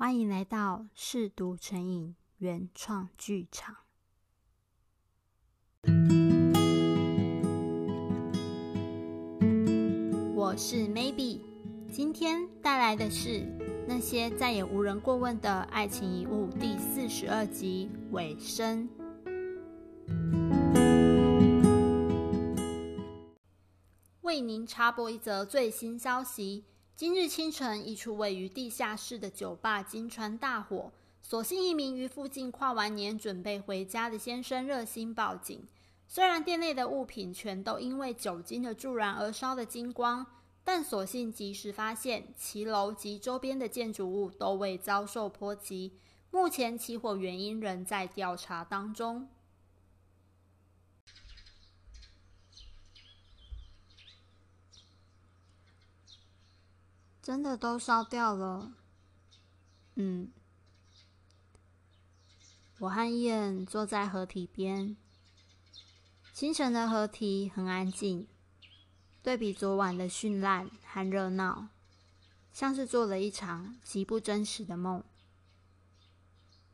歡迎來到《嗜讀成癮》原創劇場，我是 Maybe，今天帶來的是《那些再也無人過問的愛情遺物》第四十二集尾聲。為您插播一則最新消息。今日清晨，一處位於地下室的酒吧驚傳大火。所幸一名於附近跨完年準備回家的先生熱心報警。雖然店內的物品全都因為酒精的助燃而燒得精光，但所幸及時發現，騎樓及周邊的建築物都未遭受波及。目前起火原因仍在調查當中。真的都燒掉了。嗯，我和燕坐在河堤邊，清晨的河堤很安靜，對比昨晚的絢爛和熱鬧，像是做了一場極不真實的夢。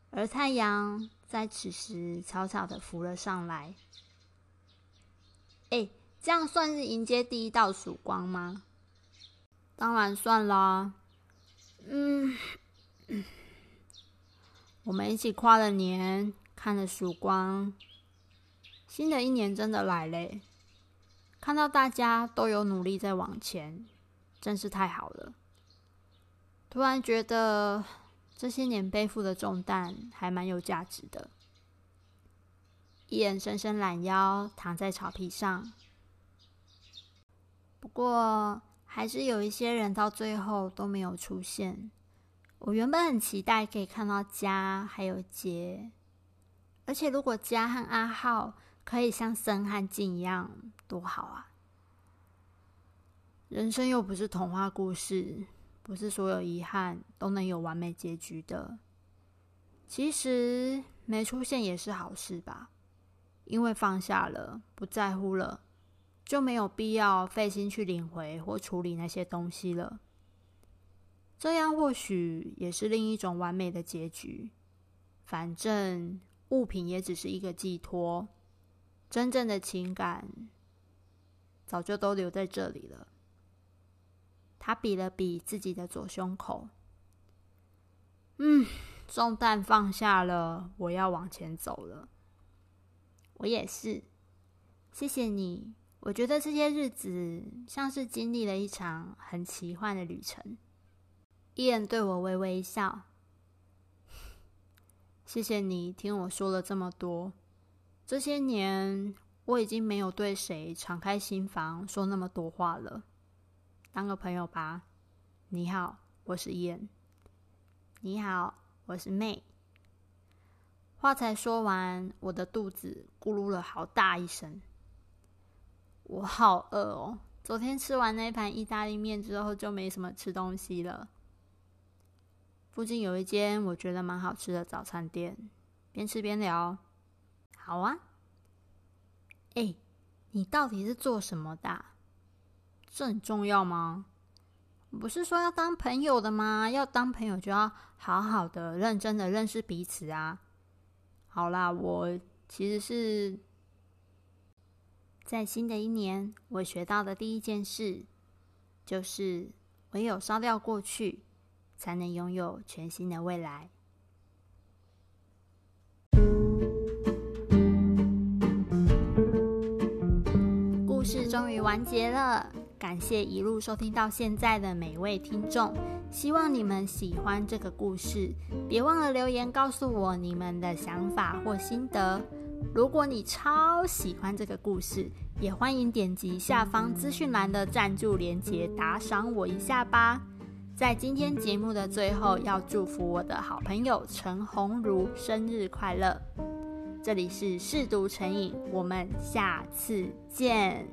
而太陽在此時悄悄地浮了上來。誒，這樣算是迎接第一道曙光嗎？當然算啦，嗯，我們一起跨了年，看了曙光，新的一年真的來嘞、欸！看到大家都有努力在往前，真是太好了。突然覺得這些年背負的重擔還蠻有價值的。一人伸伸懶腰，躺在草皮上。不過。還是有一些人到最後都沒有出現。我原本很期待可以看到家還有傑，而且如果家和阿浩可以像生和靜一樣，多好啊！人生又不是童話故事，不是所有遺憾都能有完美結局的。其實沒出現也是好事吧，因為放下了，不在乎了。就沒有必要費心去領回或處理那些東西了。這樣或許也是另一種完美的結局。反正物品也只是一個寄托，真正的情感早就都留在這裡了。他比了比自己的左胸口。“嗯，重擔放下了，我要往前走了。”我也是，謝謝你。我覺得這些日子像是經歷了一場很奇幻的旅程。Ian 對我微微一笑，謝謝你聽我說了這麼多。這些年我已經沒有對誰敞開心房說那麼多話了。當個朋友吧。你好，我是 Ian。你好，我是 May。話才說完，我的肚子咕嚕了好大一聲。我好餓哦！昨天吃完那一盤意大利麵之後，就沒什麼吃東西了。附近有一間我覺得蠻好吃的早餐店，邊吃邊聊。好啊。哎、欸，你到底是做什麼的？這很重要嗎？不是說要當朋友的嗎？要當朋友就要好好的、認真的認識彼此啊。好啦，我其實是。在新的一年，我學到的第一件事就是，唯有燒掉過去，才能擁有全新的未來。故事終於完結了，感謝一路收聽到現在的每位聽眾，希望你們喜歡這個故事。別忘了留言告訴我你們的想法或心得。如果你超喜歡這個故事，也歡迎點擊下方資訊欄的贊助鏈接打賞我一下吧。在今天節目的最後，要祝福我的好朋友陳鴻儒生日快樂。這裡是視讀成癮，我們下次見。